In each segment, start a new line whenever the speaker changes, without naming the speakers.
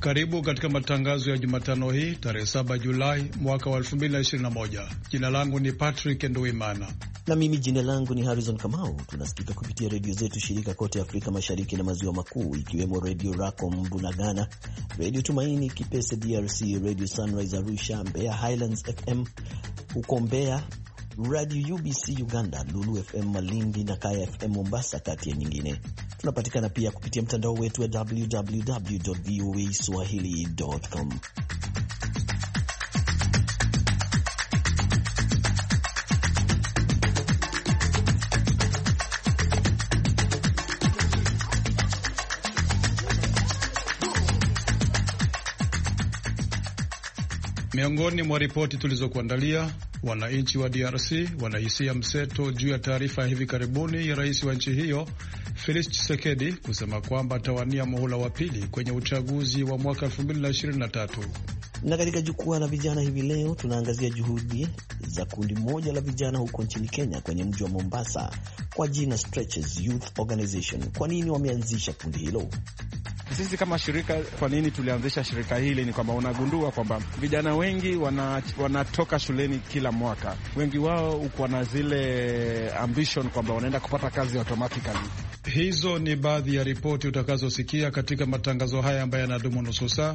Karibu katika matangazo ya Jumatano hii tarehe 7 Julai mwaka wa 2021. Jina langu ni Patrick Nduimana
na mimi jina langu ni Harrison Kamau. Tunasikika kupitia redio zetu shirika kote Afrika Mashariki na Maziwa Makuu, ikiwemo Redio Racom Bunagana, Redio Tumaini Kipese DRC, Redio Sunrise Arusha, Mbeya Highlands FM huko Mbeya, radio UBC Uganda, Lulu FM Malindi na Kaya FM Mombasa, kati ya nyingine. Tunapatikana pia kupitia mtandao wetu wa www voa swahili.com.
Miongoni mwa ripoti tulizokuandalia, Wananchi wa DRC wanahisia mseto juu ya taarifa ya hivi karibuni ya rais wa nchi hiyo Felix Tshisekedi kusema kwamba atawania muhula wa pili kwenye uchaguzi wa mwaka 2023.
Na katika jukwaa la vijana hivi leo tunaangazia juhudi za kundi moja la vijana huko nchini Kenya kwenye mji wa Mombasa kwa jina Stretches Youth Organization. Kwa nini wameanzisha kundi hilo?
Sisi kama shirika, kwa nini tulianzisha shirika hili ni kwamba unagundua kwamba vijana wengi wana, wanatoka shuleni kila mwaka, wengi wao uko na zile ambition kwamba wanaenda kupata kazi automatically.
Hizo ni baadhi ya ripoti utakazosikia katika matangazo haya ambayo yanadumu nusu saa,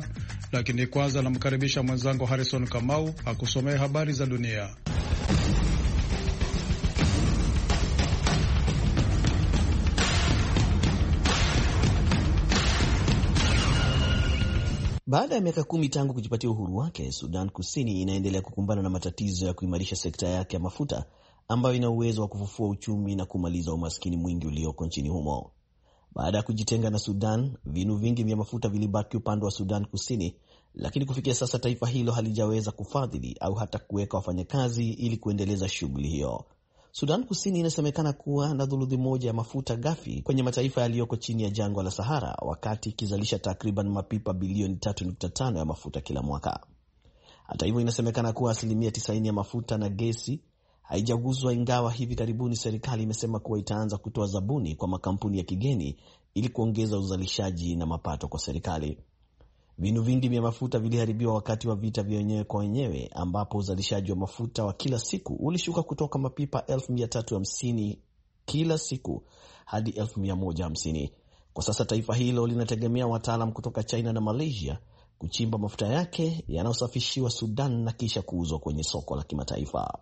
lakini kwanza namkaribisha mwenzangu Harrison Kamau akusomee habari za dunia.
Baada ya miaka kumi tangu kujipatia uhuru wake, Sudan Kusini inaendelea kukumbana na matatizo ya kuimarisha sekta yake ya mafuta ambayo ina uwezo wa kufufua uchumi na kumaliza umaskini mwingi ulioko nchini humo. Baada ya kujitenga na Sudan, vinu vingi vya mafuta vilibaki upande wa Sudan Kusini, lakini kufikia sasa taifa hilo halijaweza kufadhili au hata kuweka wafanyakazi ili kuendeleza shughuli hiyo. Sudan Kusini inasemekana kuwa na thuluthi moja ya mafuta ghafi kwenye mataifa yaliyoko chini ya jangwa la Sahara, wakati ikizalisha takriban mapipa bilioni 3.5 ya mafuta kila mwaka. Hata hivyo, inasemekana kuwa asilimia 90 ya mafuta na gesi haijaguzwa, ingawa hivi karibuni serikali imesema kuwa itaanza kutoa zabuni kwa makampuni ya kigeni ili kuongeza uzalishaji na mapato kwa serikali. Vinu vingi vya mafuta viliharibiwa wakati wa vita vya wenyewe kwa wenyewe, ambapo uzalishaji wa mafuta wa kila siku ulishuka kutoka mapipa 350 kila siku hadi 150 Kwa sasa taifa hilo linategemea wataalam kutoka China na Malaysia kuchimba mafuta yake yanayosafishiwa Sudan na kisha kuuzwa kwenye soko la kimataifa.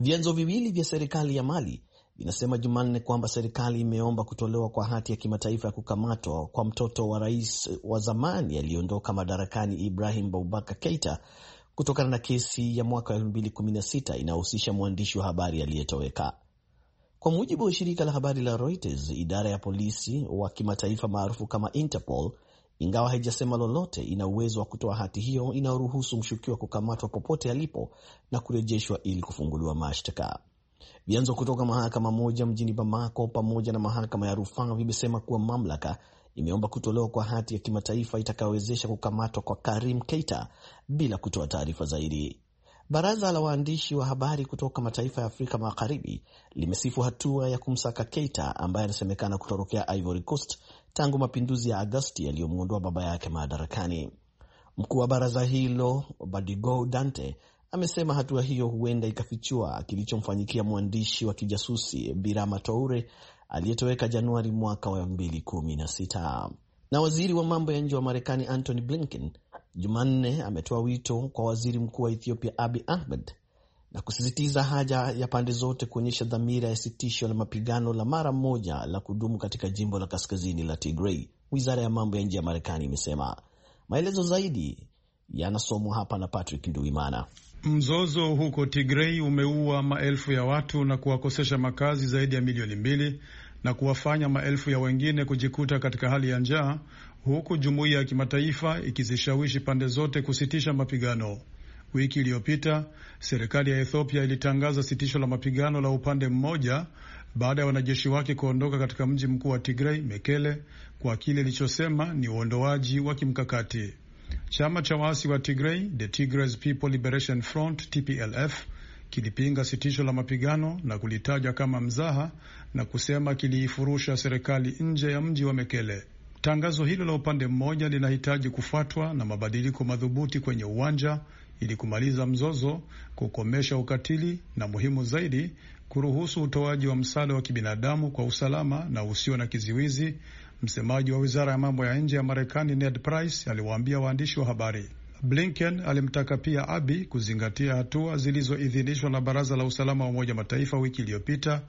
Vyanzo viwili vya serikali ya Mali inasema Jumanne kwamba serikali imeomba kutolewa kwa hati ya kimataifa ya kukamatwa kwa mtoto wa rais wa zamani aliyeondoka madarakani Ibrahim Boubacar Keita kutokana na kesi ya mwaka 2016 inayohusisha mwandishi wa habari aliyetoweka. Kwa mujibu wa shirika la habari la Reuters, idara ya polisi wa kimataifa maarufu kama Interpol, ingawa haijasema lolote, ina uwezo wa kutoa hati hiyo inayoruhusu mshukiwa kukamatwa popote alipo na kurejeshwa ili kufunguliwa mashtaka. Vyanzo kutoka mahakama moja mjini Bamako pamoja na mahakama ya rufaa vimesema kuwa mamlaka imeomba kutolewa kwa hati ya kimataifa itakayowezesha kukamatwa kwa Karim Keita bila kutoa taarifa zaidi. Baraza la waandishi wa habari kutoka mataifa ya Afrika Magharibi limesifu hatua ya kumsaka Keita ambaye anasemekana kutorokea Ivory Coast tangu mapinduzi ya Agosti yaliyomwondoa baba yake madarakani. Mkuu wa baraza hilo Badigou Dante amesema hatua hiyo huenda ikafichua kilichomfanyikia mwandishi wa kijasusi Birama Toure aliyetoweka Januari mwaka wa 2016. Na waziri wa mambo ya nje wa Marekani Antony Blinken Jumanne ametoa wito kwa waziri mkuu wa Ethiopia Abi Ahmed na kusisitiza haja ya pande zote kuonyesha dhamira ya sitisho la mapigano la mara moja la kudumu katika jimbo la kaskazini la Tigray, wizara ya mambo ya nje ya Marekani imesema. Maelezo zaidi yanasomwa hapa na Patrick Nduimana.
Mzozo huko Tigrei umeua maelfu ya watu na kuwakosesha makazi zaidi ya milioni mbili na kuwafanya maelfu ya wengine kujikuta katika hali ya njaa, huku jumuiya ya kimataifa ikizishawishi pande zote kusitisha mapigano. Wiki iliyopita serikali ya Ethiopia ilitangaza sitisho la mapigano la upande mmoja baada ya wanajeshi wake kuondoka katika mji mkuu wa Tigrei, Mekele, kwa kile ilichosema ni uondoaji wa kimkakati. Chama cha waasi wa Tigray, The Tigray People Liberation Front, TPLF, kilipinga sitisho la mapigano na kulitaja kama mzaha na kusema kiliifurusha serikali nje ya mji wa Mekele. Tangazo hilo la upande mmoja linahitaji kufuatwa na mabadiliko madhubuti kwenye uwanja ili kumaliza mzozo, kukomesha ukatili na muhimu zaidi, kuruhusu utoaji wa msaada wa kibinadamu kwa usalama na usio na kiziwizi. Msemaji wa wizara ya mambo ya nje ya Marekani Ned Price aliwaambia waandishi wa habari. Blinken alimtaka pia Abi kuzingatia hatua zilizoidhinishwa na Baraza la Usalama wa Umoja Mataifa wiki iliyopita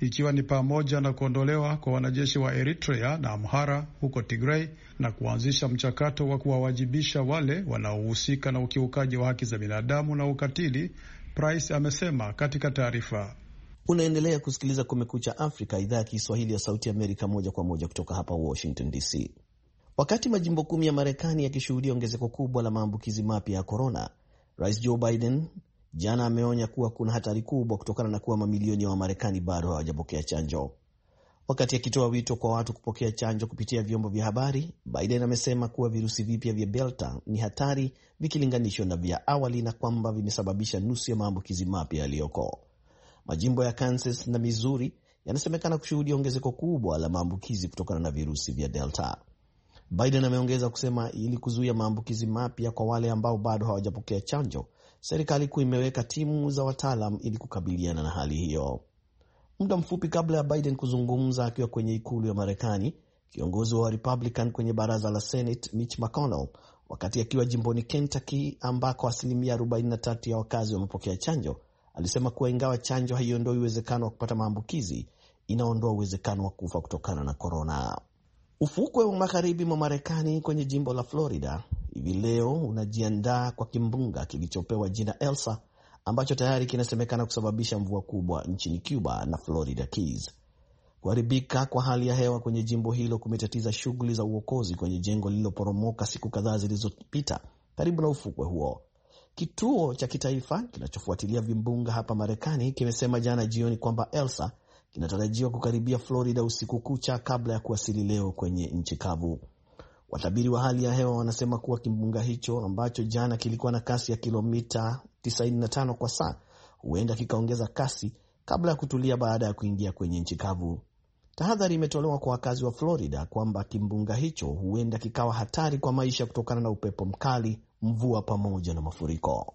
ikiwa ni pamoja na kuondolewa kwa wanajeshi wa Eritrea na Amhara huko Tigray na kuanzisha mchakato wa kuwawajibisha wale wanaohusika na ukiukaji wa haki za binadamu na ukatili, Price amesema katika taarifa.
Unaendelea kusikiliza Kumekucha Afrika, idhaa ya Kiswahili ya Sauti Amerika, moja kwa moja kutoka hapa Washington DC. Wakati majimbo kumi ya Marekani yakishuhudia ongezeko kubwa la maambukizi mapya ya korona, Rais Joe Biden jana ameonya kuwa kuna hatari kubwa kutokana na kuwa mamilioni ya Wamarekani bado hawajapokea chanjo. Wakati akitoa wito kwa watu kupokea chanjo kupitia vyombo vya habari, Biden amesema kuwa virusi vipya vya Delta ni hatari vikilinganishwa na vya awali na kwamba vimesababisha nusu ya maambukizi mapya yaliyoko. Majimbo ya Kansas na Missouri yanasemekana kushuhudia ongezeko kubwa la maambukizi kutokana na virusi vya Delta. Biden ameongeza kusema ili kuzuia maambukizi mapya kwa wale ambao bado hawajapokea chanjo, serikali kuu imeweka timu za wataalam ili kukabiliana na hali hiyo. Muda mfupi kabla ya Biden kuzungumza akiwa kwenye ikulu ya Marekani, kiongozi wa Republican kwenye baraza la Senate Mitch McConnell, wakati akiwa jimboni Kentucky ambako asilimia 43 ya wakazi wamepokea chanjo, Alisema kuwa ingawa chanjo haiondoi uwezekano wa kupata maambukizi, inaondoa uwezekano wa kufa kutokana na korona. Ufukwe wa magharibi mwa Marekani kwenye jimbo la Florida hivi leo unajiandaa kwa kimbunga kilichopewa jina Elsa ambacho tayari kinasemekana kusababisha mvua kubwa nchini Cuba na Florida Keys. Kuharibika kwa hali ya hewa kwenye jimbo hilo kumetatiza shughuli za uokozi kwenye jengo lililoporomoka siku kadhaa zilizopita karibu na ufukwe huo. Kituo cha kitaifa kinachofuatilia vimbunga hapa Marekani kimesema jana jioni kwamba Elsa kinatarajiwa kukaribia Florida usiku kucha kabla ya kuwasili leo kwenye nchi kavu. Watabiri wa hali ya hewa wanasema kuwa kimbunga hicho ambacho jana kilikuwa na kasi ya kilomita 95 kwa saa huenda kikaongeza kasi kabla ya kutulia baada ya kuingia kwenye nchi kavu. Tahadhari imetolewa kwa wakazi wa Florida kwamba kimbunga hicho huenda kikawa hatari kwa maisha kutokana na upepo mkali mvua pamoja na mafuriko.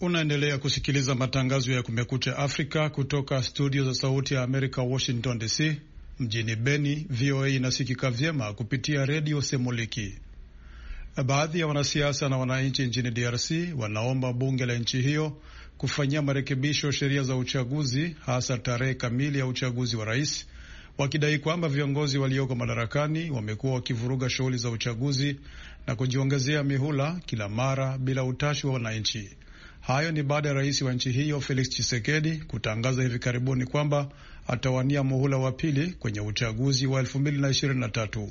Unaendelea kusikiliza matangazo ya Kumekucha Afrika kutoka studio za Sauti ya Amerika, Washington DC. Mjini Beni, VOA inasikika vyema kupitia Redio Semuliki. Baadhi ya wanasiasa na wananchi nchini DRC wanaomba bunge la nchi hiyo kufanyia marekebisho sheria za uchaguzi, hasa tarehe kamili ya uchaguzi wa rais, wakidai kwamba viongozi walioko madarakani wamekuwa wakivuruga shughuli za uchaguzi na kujiongezea mihula kila mara bila utashi wa wananchi. Hayo ni baada ya rais wa nchi hiyo Felix Tshisekedi kutangaza hivi karibuni kwamba atawania muhula wa pili kwenye uchaguzi wa 2023.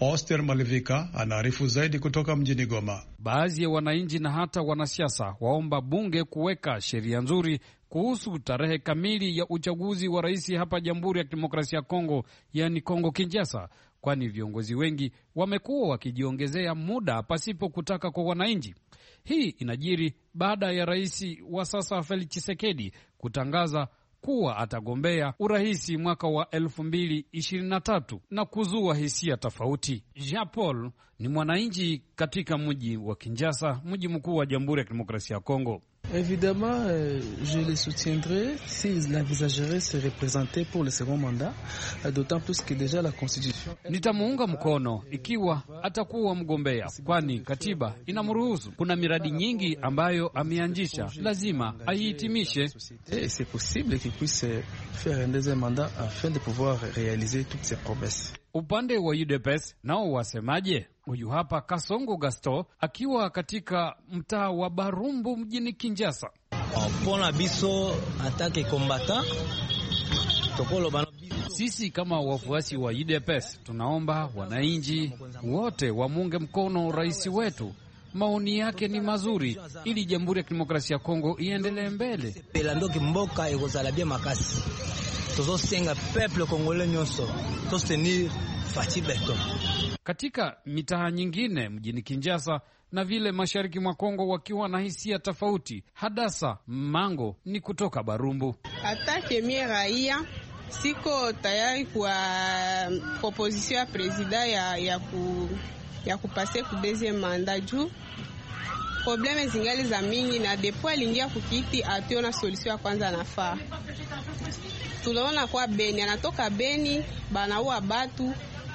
Oster Malivika anaarifu zaidi kutoka mjini Goma.
Baadhi ya wananchi na hata wanasiasa waomba bunge kuweka sheria nzuri kuhusu tarehe kamili ya uchaguzi wa rais hapa Jamhuri ya Kidemokrasia ya Kongo, yani Kongo Kinjasa, kwani viongozi wengi wamekuwa wakijiongezea muda pasipo kutaka kwa wananchi. Hii inajiri baada ya rais wa sasa Felix chisekedi kutangaza kuwa atagombea urais mwaka wa 2023 na kuzua hisia tofauti. Jean Paul ni mwananchi katika mji wa Kinjasa, mji mkuu wa Jamhuri ya Kidemokrasia ya Kongo.
Évidemment, euh, je les soutiendrai s'ils envisageraient se représenter pour le second mandat, euh, d'autant plus que déjà la Constitution.
et mkono ikiwa atakuwa mgombea, katiba ambayo lazima
C'est possible qu'il puisse faire un deuxième mandat afin de pouvoir
réaliser toutes ses promesses. Upande wa UDPS nao wasemaje? Huyu hapa Kasongo Gasto akiwa katika mtaa wa Barumbu mjini Kinjasa. Pona biso atake kombata tokolo bana sisi kama wafuasi wa UDPS tunaomba wananchi wote wamunge mkono rais wetu, maoni yake ni mazuri, ili Jamhuri ya Kidemokrasia ya Kongo iendelee mbele tozosenga peple kongole nyonso tostenir Fati Beto. Katika mitaa nyingine mjini kinjasa na vile mashariki mwa Kongo wakiwa na hisia tofauti. Hadasa Mango ni kutoka Barumbu.
Atake mie raia siko tayari kwa proposition ya presida ya, ya, ku, ya kupase kubeze manda juu probleme zingali za mingi na depo aliingia kukiti ationa solution ya kwanza nafaa. Tunaona kwa Beni anatoka Beni banaua batu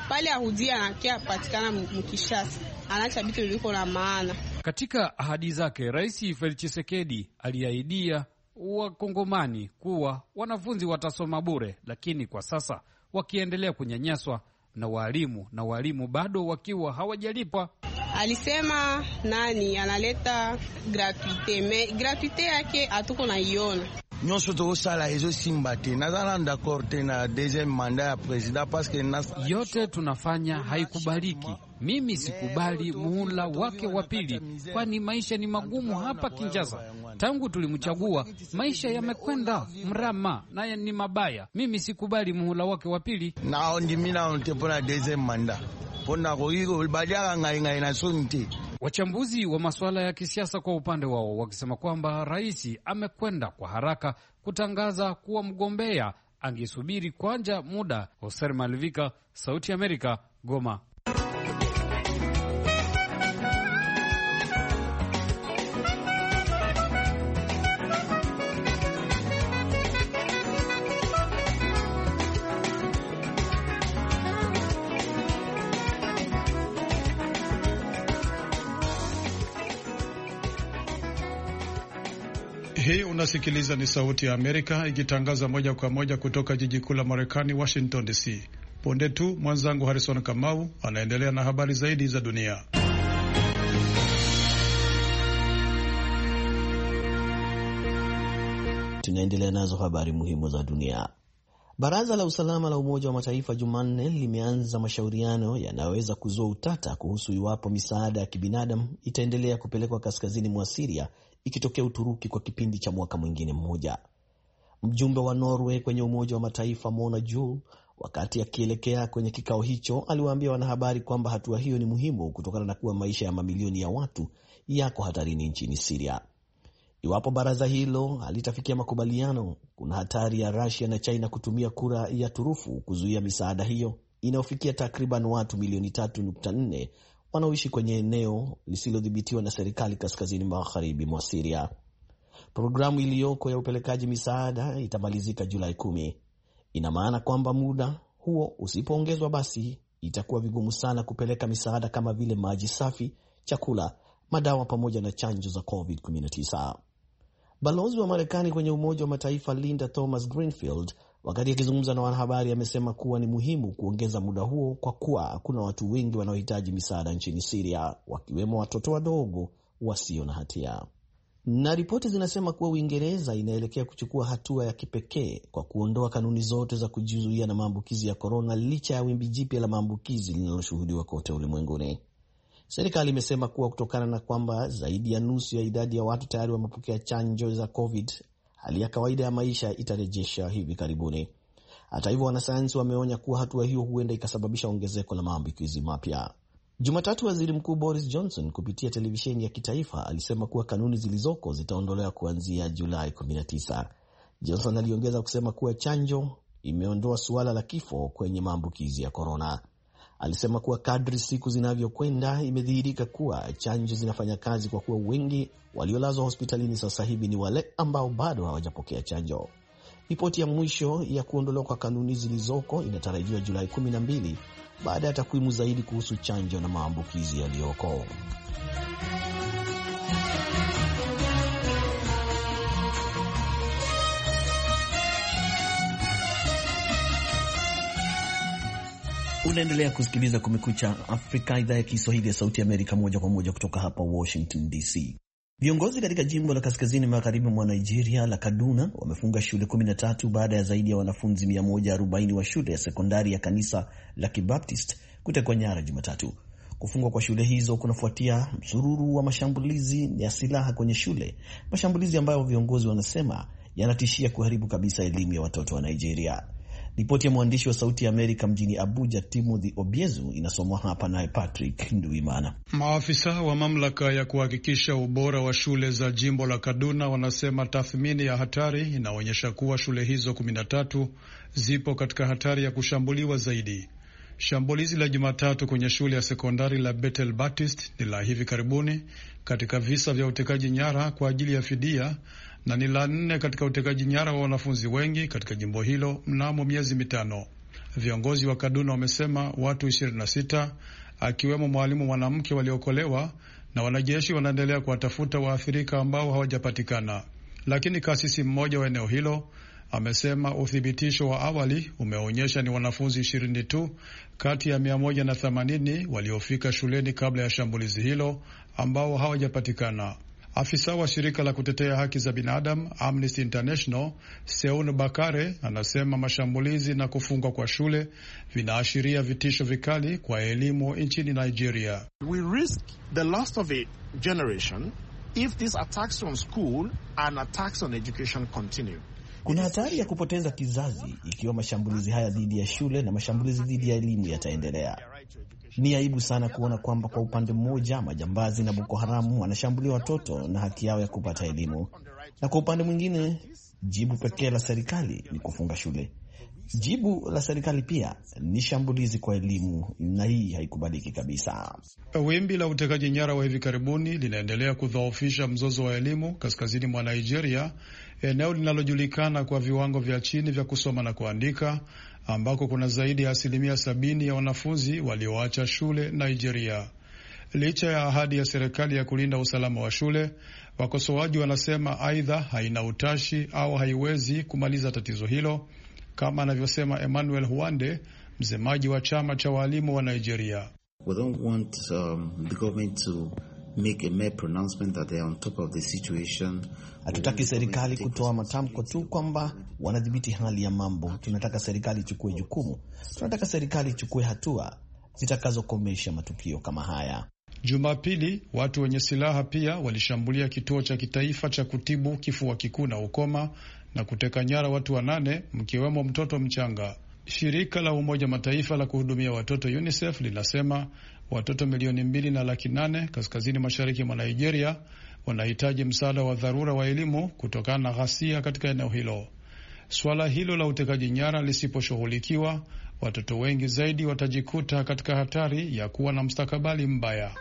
pale ahudia anakia patikana mkishasa anaacha vitu viliko na maana.
Katika ahadi zake Rais Felix Tshisekedi aliahidia Wakongomani kuwa wanafunzi watasoma bure, lakini kwa sasa wakiendelea kunyanyaswa na walimu na walimu bado wakiwa hawajalipwa.
Alisema nani analeta gratuite me gratuite yake hatuko naiona
nyonso tokosala ezosimba te nazala d'accord te na deuxième manda ya president paske que yote tunafanya
haikubaliki
mimi sikubali
muhula wake wa pili, kwani maisha ni magumu hapa Kinjaza. Tangu tulimchagua maisha yamekwenda mrama na ni mabaya. Mimi sikubali muhula wake wa pili.
pona ngai na
Wachambuzi wa masuala ya kisiasa kwa upande wao wakisema kwamba rais amekwenda kwa haraka kutangaza kuwa mgombea, angesubiri kwanja muda. Hoser Malivika, Sauti ya Amerika, Goma.
Hii unasikiliza ni Sauti ya Amerika ikitangaza moja kwa moja kutoka jiji kuu la Marekani, Washington DC. Punde tu mwenzangu Harrison Kamau anaendelea na habari zaidi za dunia.
Tunaendelea nazo habari muhimu za dunia. Baraza la usalama la Umoja wa Mataifa Jumanne limeanza mashauriano yanayoweza kuzua utata kuhusu iwapo misaada ya kibinadamu itaendelea kupelekwa kaskazini mwa Siria ikitokea Uturuki kwa kipindi cha mwaka mwingine mmoja. Mjumbe wa Norway kwenye Umoja wa Mataifa Mona Juul, wakati akielekea kwenye kikao hicho, aliwaambia wanahabari kwamba hatua hiyo ni muhimu kutokana na kuwa maisha ya mamilioni ya watu yako hatarini nchini Siria. Iwapo baraza hilo halitafikia makubaliano, kuna hatari ya Rusia na China kutumia kura ya turufu kuzuia misaada hiyo inayofikia takriban watu milioni 3.4 wanaoishi kwenye eneo lisilodhibitiwa na serikali kaskazini magharibi mwa Siria. Programu iliyoko ya upelekaji misaada itamalizika Julai kumi. Ina maana kwamba muda huo usipoongezwa, basi itakuwa vigumu sana kupeleka misaada kama vile maji safi, chakula, madawa pamoja na chanjo za COVID-19. Balozi wa Marekani kwenye Umoja wa Mataifa Linda Thomas Greenfield Wakati akizungumza na wanahabari, amesema kuwa ni muhimu kuongeza muda huo kwa kuwa kuna watu wengi wanaohitaji misaada nchini Siria, wakiwemo watoto wadogo wasio na hatia. Na ripoti zinasema kuwa Uingereza inaelekea kuchukua hatua ya kipekee kwa kuondoa kanuni zote za kujizuia na maambukizi ya korona, licha ya wimbi jipya la maambukizi linaloshuhudiwa kote ulimwenguni. Serikali imesema kuwa kutokana na kwamba zaidi ya nusu ya idadi ya watu tayari wamepokea chanjo za COVID hali ya kawaida ya maisha itarejesha hivi karibuni. Hata hivyo, wanasayansi wameonya kuwa hatua hiyo huenda ikasababisha ongezeko la maambukizi mapya. Jumatatu, waziri mkuu Boris Johnson kupitia televisheni ya kitaifa alisema kuwa kanuni zilizoko zitaondolewa kuanzia Julai 19. Johnson aliongeza kusema kuwa chanjo imeondoa suala la kifo kwenye maambukizi ya korona. Alisema kuwa kadri siku zinavyokwenda imedhihirika kuwa chanjo zinafanya kazi, kwa kuwa wengi waliolazwa hospitalini sasa hivi ni wale ambao bado hawajapokea chanjo. Ripoti ya mwisho ya kuondolewa kwa kanuni zilizoko inatarajiwa Julai 12 baada ya takwimu zaidi kuhusu chanjo na maambukizi yaliyoko. Unaendelea kusikiliza Kumekucha Afrika, idhaa ya Kiswahili ya Sauti Amerika, moja kwa moja kutoka hapa Washington DC. Viongozi katika jimbo la kaskazini magharibi mwa Nigeria la Kaduna wamefunga shule 13 baada ya zaidi ya wanafunzi 140 wa shule ya sekondari ya kanisa la Kibaptist kutekwa nyara Jumatatu. Kufungwa kwa shule hizo kunafuatia msururu wa mashambulizi ya silaha kwenye shule, mashambulizi ambayo viongozi wanasema yanatishia kuharibu kabisa elimu ya watoto wa Nigeria. Ripoti ya mwandishi wa Sauti ya Amerika mjini Abuja, Timothy Obiezu, inasomwa hapa naye Patrick Nduimana.
Maafisa wa mamlaka ya kuhakikisha ubora wa shule za jimbo la Kaduna wanasema tathmini ya hatari inaonyesha kuwa shule hizo 13 zipo katika hatari ya kushambuliwa zaidi. Shambulizi la Jumatatu kwenye shule ya sekondari la Bethel Baptist ni la hivi karibuni katika visa vya utekaji nyara kwa ajili ya fidia na ni la nne katika utekaji nyara wa wanafunzi wengi katika jimbo hilo mnamo miezi mitano. Viongozi wa Kaduna wamesema watu 26 akiwemo mwalimu mwanamke waliokolewa na wanajeshi wanaendelea kuwatafuta waathirika ambao hawajapatikana, lakini kasisi mmoja wa eneo hilo amesema uthibitisho wa awali umeonyesha ni wanafunzi ishirini tu kati ya mia moja na themanini waliofika shuleni kabla ya shambulizi hilo ambao hawajapatikana. Afisa wa shirika la kutetea haki za binadamu Amnesty International Seun Bakare anasema mashambulizi na kufungwa kwa shule vinaashiria vitisho vikali kwa elimu nchini Nigeria. We
risk the of a generation if these attacks school and attacks on education
continue. Kuna hatari ya kupoteza kizazi ikiwa mashambulizi haya dhidi ya shule na mashambulizi dhidi ya elimu yataendelea. Ni aibu sana kuona kwamba kwa upande mmoja majambazi na Boko Haramu wanashambulia watoto na haki yao ya kupata elimu, na kwa upande mwingine jibu pekee la serikali ni kufunga shule. Jibu la serikali pia ni shambulizi kwa elimu, na hii haikubaliki kabisa.
Wimbi la utekaji nyara wa hivi karibuni linaendelea kudhoofisha mzozo wa elimu kaskazini mwa Nigeria, eneo linalojulikana kwa viwango vya chini vya kusoma na kuandika ambako kuna zaidi ya asilimia sabini ya wanafunzi walioacha shule Nigeria. Licha ya ahadi ya serikali ya kulinda usalama wa shule, wakosoaji wanasema aidha haina utashi au haiwezi kumaliza tatizo hilo, kama anavyosema Emmanuel Huande, msemaji wa chama cha waalimu wa Nigeria.
We don't want, um, the government to make a mere pronouncement that they are on top of the situation. Hatutaki serikali kutoa matamko tu kwamba wanadhibiti hali ya mambo. Tunataka serikali ichukue jukumu, tunataka serikali ichukue hatua zitakazokomesha matukio kama haya.
Jumapili watu wenye silaha pia walishambulia kituo cha kitaifa cha kutibu kifua kikuu na ukoma na kuteka nyara watu wanane mkiwemo mtoto mchanga. Shirika la Umoja Mataifa la kuhudumia watoto UNICEF linasema watoto milioni mbili na laki nane kaskazini mashariki mwa Nigeria wanahitaji msaada wa dharura wa elimu kutokana na ghasia katika eneo hilo. Suala hilo la utekaji nyara lisiposhughulikiwa, watoto wengi zaidi watajikuta katika hatari ya kuwa na mstakabali mbaya.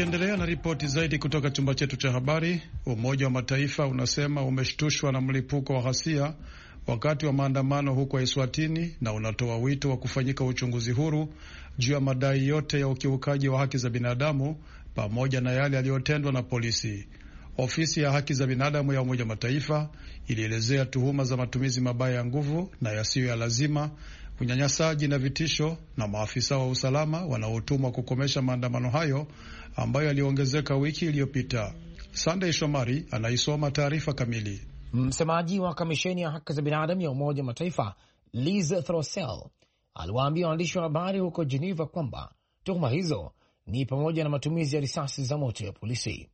Tukiendelea na ripoti zaidi kutoka chumba chetu cha habari, Umoja wa Mataifa unasema umeshtushwa na mlipuko wa ghasia wakati wa maandamano huko Eswatini na unatoa wito wa kufanyika uchunguzi huru juu ya madai yote ya ukiukaji wa haki za binadamu pamoja na yale yaliyotendwa na polisi. Ofisi ya haki za binadamu ya Umoja Mataifa ilielezea tuhuma za matumizi mabaya ya nguvu na yasiyo ya lazima, unyanyasaji na vitisho, na maafisa wa usalama wanaotumwa kukomesha maandamano hayo ambayo yaliongezeka wiki iliyopita. sandey Shomari
anaisoma taarifa kamili. Msemaji wa kamisheni ya haki za binadamu ya Umoja wa Mataifa Liz Throssell aliwaambia waandishi wa habari huko Geneva kwamba tuhuma hizo ni pamoja na matumizi ya risasi za moto ya polisi.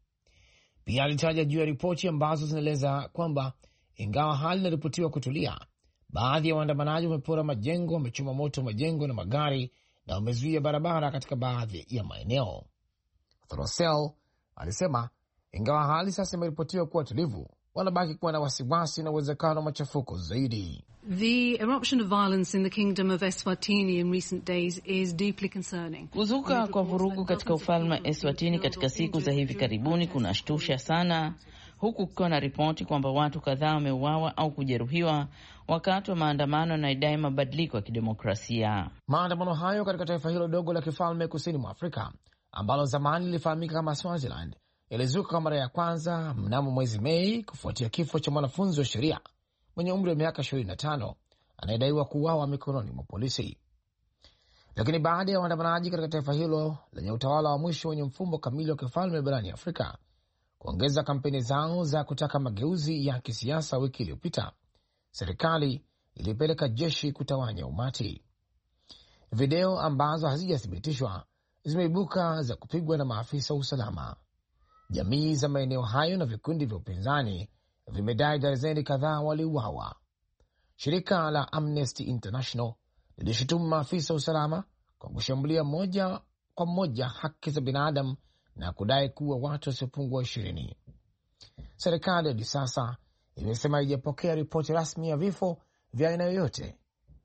Pia alitaja juu ya ripoti ambazo zinaeleza kwamba ingawa hali inaripotiwa kutulia, baadhi ya waandamanaji wamepora majengo, wamechoma moto majengo na magari na wamezuia barabara katika baadhi ya maeneo. Thorosel alisema ingawa hali sasa imeripotiwa kuwa tulivu, wanabaki kuwa na wasiwasi na uwezekano wa machafuko zaidi.
Kuzuka
kwa vurugu katika ufalme wa Eswatini katika siku za hivi karibuni kunashtusha sana, huku kukiwa na ripoti kwamba watu kadhaa wameuawa au kujeruhiwa wakati wa maandamano
yanayodai mabadiliko ya kidemokrasia. Maandamano hayo katika taifa hilo dogo la kifalme kusini mwa Afrika ambalo zamani lilifahamika kama Swaziland ilizuka kwa mara ya kwanza mnamo mwezi Mei kufuatia kifo cha mwanafunzi wa sheria mwenye umri wa miaka 25 anayedaiwa kuuawa mikononi mwa polisi. Lakini baada ya waandamanaji katika taifa hilo lenye utawala wa mwisho wenye mfumo kamili wa kifalme barani Afrika kuongeza kampeni zao za kutaka mageuzi ya kisiasa, wiki iliyopita serikali ilipeleka jeshi kutawanya umati. Video ambazo hazijathibitishwa zimeibuka za kupigwa na maafisa wa usalama. Jamii za maeneo hayo na vikundi vya upinzani vimedai darzeni kadhaa waliuawa. Shirika la Amnesty International lilishutumu maafisa wa usalama kwa kushambulia moja kwa moja haki za binadamu na kudai kuwa watu wasiopungua ishirini. Serikali hadi sasa imesema haijapokea ripoti rasmi ya vifo vya aina yoyote.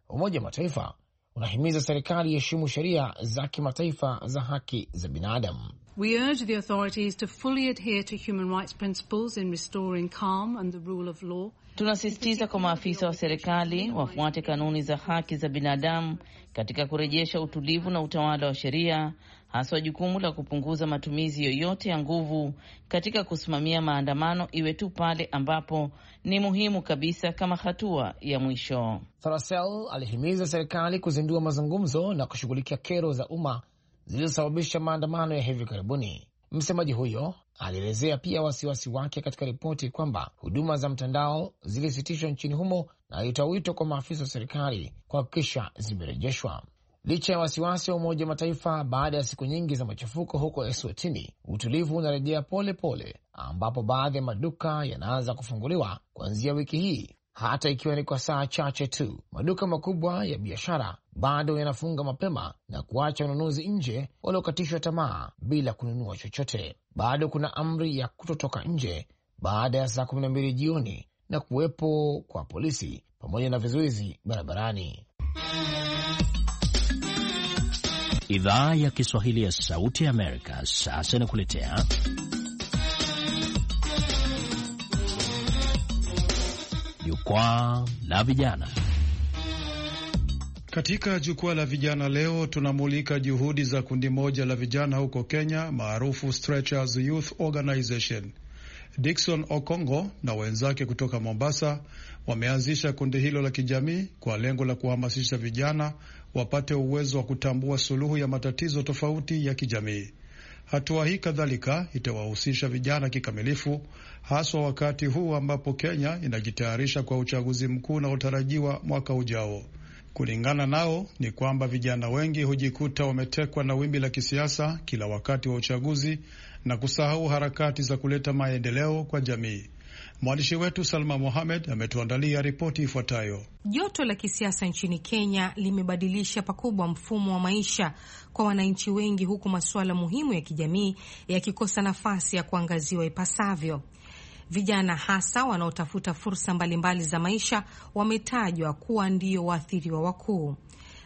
Umoja wa Mataifa unahimiza serikali iheshimu sheria za kimataifa za haki za binadamu.
Tunasisitiza kwa maafisa wa serikali wafuate kanuni za haki za binadamu katika kurejesha utulivu na utawala wa sheria, haswa jukumu la kupunguza matumizi yoyote ya nguvu katika kusimamia maandamano,
iwe tu pale ambapo ni muhimu kabisa kama hatua ya mwisho. thrasel alihimiza serikali kuzindua mazungumzo na kushughulikia kero za umma zilizosababisha maandamano ya hivi karibuni. Msemaji huyo alielezea pia wasiwasi wake katika ripoti kwamba huduma za mtandao zilisitishwa nchini humo na alitoa wito kwa maafisa wa serikali kuhakikisha zimerejeshwa. Licha ya wasiwasi wa Umoja wa Mataifa baada ya siku nyingi za machafuko huko Eswatini, utulivu unarejea pole pole, ambapo baadhi ya maduka yanaanza kufunguliwa kuanzia wiki hii, hata ikiwa ni kwa saa chache tu. Maduka makubwa ya biashara bado yanafunga mapema na kuacha wanunuzi nje waliokatishwa tamaa bila kununua chochote. Bado kuna amri ya kutotoka nje baada ya saa kumi na mbili jioni na kuwepo kwa polisi pamoja na vizuizi barabarani.
Idhaa ya Kiswahili ya Sauti ya Amerika sasa inakuletea jukwaa la vijana.
Katika jukwaa la vijana leo tunamulika juhudi za kundi moja la vijana huko Kenya maarufu Stretchers Youth Organization. Dikson Okongo na wenzake kutoka Mombasa wameanzisha kundi hilo la kijamii kwa lengo la kuhamasisha vijana wapate uwezo wa kutambua suluhu ya matatizo tofauti ya kijamii. Hatua hii kadhalika itawahusisha vijana kikamilifu, haswa wakati huu ambapo Kenya inajitayarisha kwa uchaguzi mkuu unaotarajiwa mwaka ujao. Kulingana nao ni kwamba vijana wengi hujikuta wametekwa na wimbi la kisiasa kila wakati wa uchaguzi, na kusahau harakati za kuleta maendeleo kwa jamii. Mwandishi wetu Salma Mohamed ametuandalia ripoti ifuatayo.
Joto la kisiasa nchini Kenya limebadilisha pakubwa mfumo wa maisha kwa wananchi wengi, huku masuala muhimu ya kijamii yakikosa nafasi ya kuangaziwa ipasavyo. Vijana hasa wanaotafuta fursa mbalimbali za maisha wametajwa kuwa ndio waathiriwa wakuu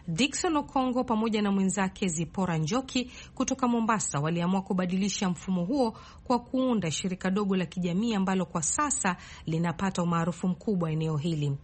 dikson Okongo pamoja na mwenzake Zipora Njoki kutoka Mombasa waliamua kubadilisha mfumo huo kwa kuunda shirika dogo la kijamii ambalo kwa sasa linapata umaarufu mkubwa eneo hili.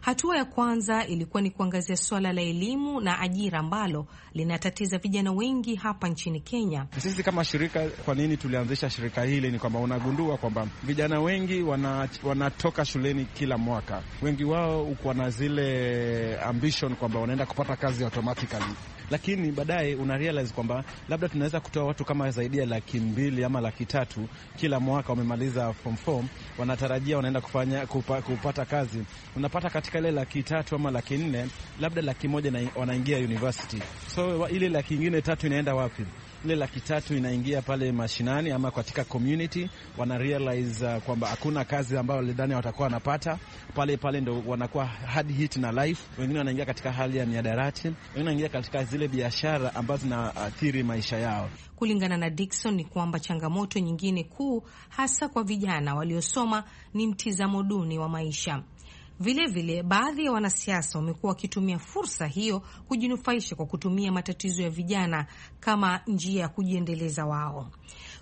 Hatua ya kwanza ilikuwa ni kuangazia suala la elimu na ajira ambalo linatatiza vijana wengi hapa nchini Kenya.
Sisi kama shirika, kwa nini tulianzisha shirika hili? Ni kwamba unagundua kwamba vijana wengi wana, wanatoka shuleni kila mwaka, wengi wao uko na zile ambition kwamba wanaenda kupata kazi kazi automatically lakini baadaye una realize kwamba labda tunaweza kutoa watu kama zaidi ya laki mbili ama laki tatu kila mwaka wamemaliza form form, wanatarajia wanaenda kufanya kupa, kupata kazi. Unapata katika ile laki tatu ama laki nne, labda laki moja wanaingia university, so ile laki ingine tatu inaenda wapi? ile laki tatu inaingia pale mashinani ama katika community, wana realize uh, kwamba hakuna kazi ambayo lidhani watakuwa wanapata pale pale, ndo wanakuwa hard hit na life. Wengine wanaingia katika hali ya miadarati, wengine wanaingia katika zile biashara ambazo zinaathiri maisha yao.
Kulingana na Dickson ni kwamba changamoto nyingine kuu hasa kwa vijana waliosoma ni mtizamo duni wa maisha. Vilevile, baadhi ya wanasiasa wamekuwa wakitumia fursa hiyo kujinufaisha kwa kutumia matatizo ya vijana kama njia ya kujiendeleza wao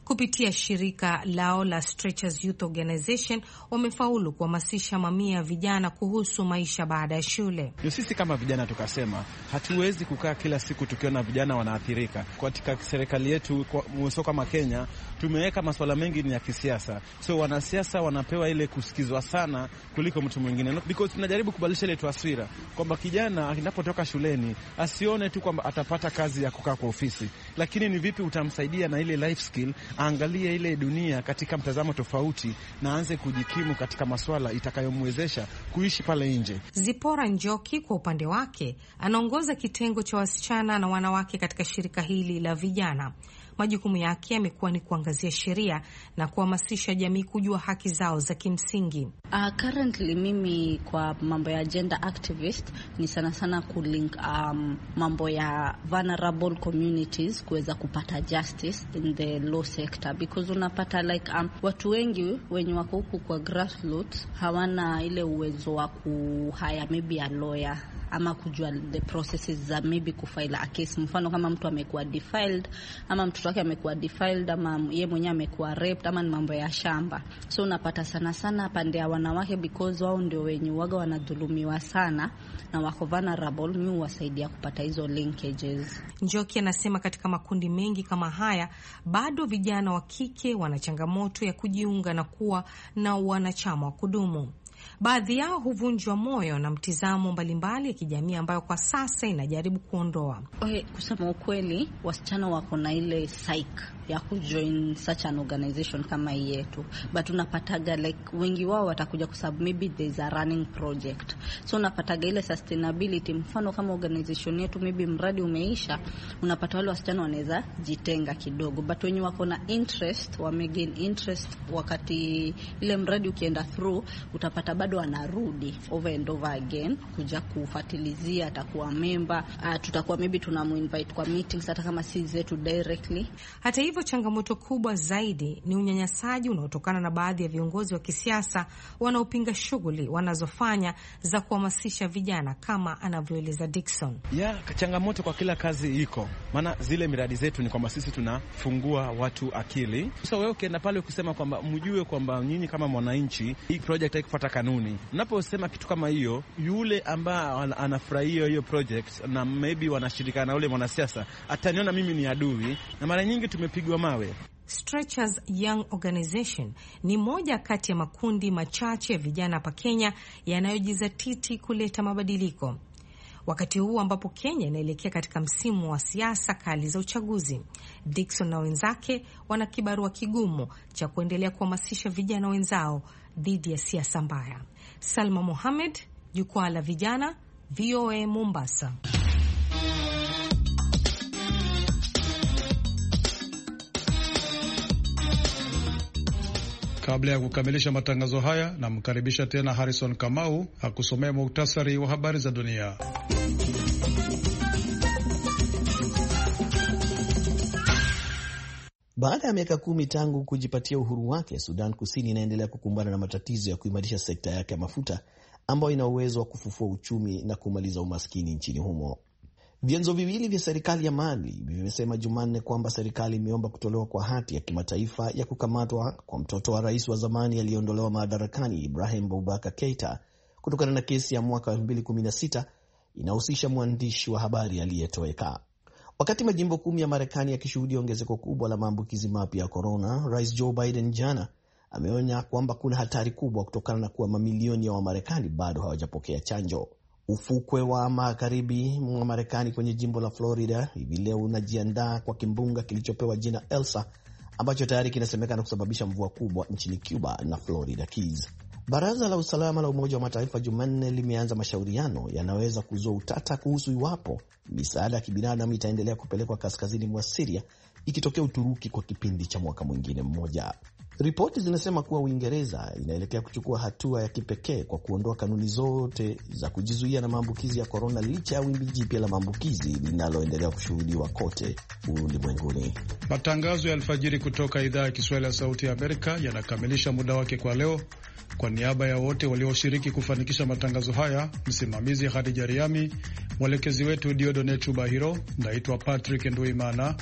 kupitia shirika lao la Stretchers Youth Organization wamefaulu kuhamasisha mamia ya vijana kuhusu maisha baada ya shule.
Sisi
kama vijana tukasema hatuwezi kukaa kila siku tukiona vijana wanaathirika. Katika serikali yetu so kama Kenya tumeweka masuala mengi ni ya kisiasa, so wanasiasa wanapewa ile kusikizwa sana kuliko mtu mwingine, because tunajaribu kubadilisha ile taswira kwamba kijana anapotoka shuleni asione tu kwamba atapata kazi ya kukaa kwa ofisi, lakini ni vipi utamsaidia na ile life skill aangalie ile dunia katika mtazamo tofauti na aanze kujikimu katika masuala itakayomwezesha kuishi pale nje.
Zipora Njoki kwa upande wake anaongoza kitengo cha wasichana na wanawake katika shirika hili la vijana. Majukumu yake yamekuwa ni kuangazia sheria na kuhamasisha jamii kujua haki zao za kimsingi.
Uh, currently mimi kwa mambo ya gender activist ni sana sana kulink um, mambo ya vulnerable communities kuweza kupata justice in the sector because unapata like um, watu wengi wenye wako huku kwa grassroots hawana ile uwezo wa kuhaya maybe a lawyer ama kujua the processes za maybe kufaila a case. Mfano kama mtu amekuwa defiled ama mtoto wake amekuwa defiled ama yeye mwenyewe amekuwa raped ama ni mambo ya shamba, so unapata sana sana pande ya wanawake because wao ndio wenye waga wanadhulumiwa sana na wako
vulnerable. Mimi huwasaidia kupata hizo linkages. Njoki anasema katika makundi mengi kama haya bado vijana wa kike wana changamoto ya kujiunga na kuwa na wanachama wa kudumu. Baadhi yao huvunjwa moyo na mtizamo mbalimbali ya kijamii ambayo kwa sasa inajaribu kuondoa. Okay, eh, kusema ukweli, wasichana wako na ile
psyche ya kujoin such an organization kama hii yetu, but unapataga like wengi wao watakuja kwa sababu maybe there is a running project, so unapataga ile sustainability. Mfano kama organization yetu, maybe mradi umeisha, unapata wale wasichana wanaweza jitenga kidogo, but wenye wako na interest, wamegain interest, wakati ile mradi ukienda through utapata bado anarudi over and over again kuja kufatilizia,
atakuwa memba uh, tutakuwa maybe tunamuinvite kwa meetings hata kama si zetu directly. Hata hivyo, changamoto kubwa zaidi ni unyanyasaji unaotokana na baadhi ya viongozi wa kisiasa wanaopinga shughuli wanazofanya za kuhamasisha vijana, kama anavyoeleza Dickson.
Yeah, changamoto kwa kila kazi iko, maana zile miradi zetu ni kwamba sisi tunafungua watu akili. Sasa wewe ukienda pale ukisema kwamba mjue kwamba nyinyi kama mwananchi, hii project haikufuata kanuni kanuni. Unaposema kitu kama hiyo, yule ambaye anafurahia hiyo project na maybe wanashirikana na mwanasiasa ataniona mimi ni adui, na mara nyingi tumepigwa mawe.
Stretchers Young Organization ni moja kati ya makundi machache ya vijana hapa Kenya yanayojizatiti kuleta mabadiliko wakati huu ambapo Kenya inaelekea katika msimu wa siasa kali za uchaguzi. Dickson na wenzake wana kibarua kigumu cha kuendelea kuhamasisha vijana wenzao dhidi ya siasa mbaya. Salma Mohamed, Jukwaa la Vijana, VOA Mombasa.
Kabla ya kukamilisha matangazo haya, namkaribisha tena Harrison Kamau akusomea muhtasari wa habari za dunia.
Baada ya miaka kumi tangu kujipatia uhuru wake, Sudan Kusini inaendelea kukumbana na matatizo ya kuimarisha sekta yake ya mafuta ambayo ina uwezo wa kufufua uchumi na kumaliza umaskini nchini humo. Vyanzo viwili vya serikali ya Mali vimesema Jumanne kwamba serikali imeomba kutolewa kwa hati ya kimataifa ya kukamatwa kwa mtoto wa rais wa zamani aliyeondolewa madarakani Ibrahim Boubacar Keita kutokana na kesi ya mwaka 2016 inahusisha mwandishi wa habari aliyetoweka. Wakati majimbo kumi ya Marekani yakishuhudia ongezeko kubwa la maambukizi mapya ya korona, Rais Joe Biden jana ameonya kwamba kuna hatari kubwa kutokana na kuwa mamilioni ya Wamarekani bado hawajapokea chanjo. Ufukwe wa magharibi mwa Marekani kwenye jimbo la Florida hivi leo unajiandaa kwa kimbunga kilichopewa jina Elsa ambacho tayari kinasemekana kusababisha mvua kubwa nchini Cuba na Florida Keys. Baraza la usalama la Umoja wa Mataifa Jumanne limeanza mashauriano yanaweza kuzua utata kuhusu iwapo misaada ya kibinadamu itaendelea kupelekwa kaskazini mwa Siria ikitokea Uturuki kwa kipindi cha mwaka mwingine mmoja. Ripoti zinasema kuwa Uingereza inaelekea kuchukua hatua ya kipekee kwa kuondoa kanuni zote za kujizuia na maambukizi ya korona, licha ya wimbi jipya la maambukizi linaloendelea kushuhudiwa kote ulimwenguni.
Matangazo ya alfajiri kutoka idhaa ya Kiswahili ya Sauti ya Amerika yanakamilisha muda wake kwa leo. Kwa niaba ya wote walioshiriki kufanikisha matangazo haya, msimamizi Hadija Riami, mwelekezi wetu Diodone Chubahiro, naitwa Patrick Nduimana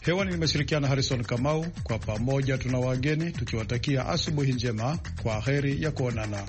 hewani, nimeshirikiana Harrison Kamau. Kwa pamoja tuna wageni tukiwatakia asubuhi njema, kwa heri ya kuonana.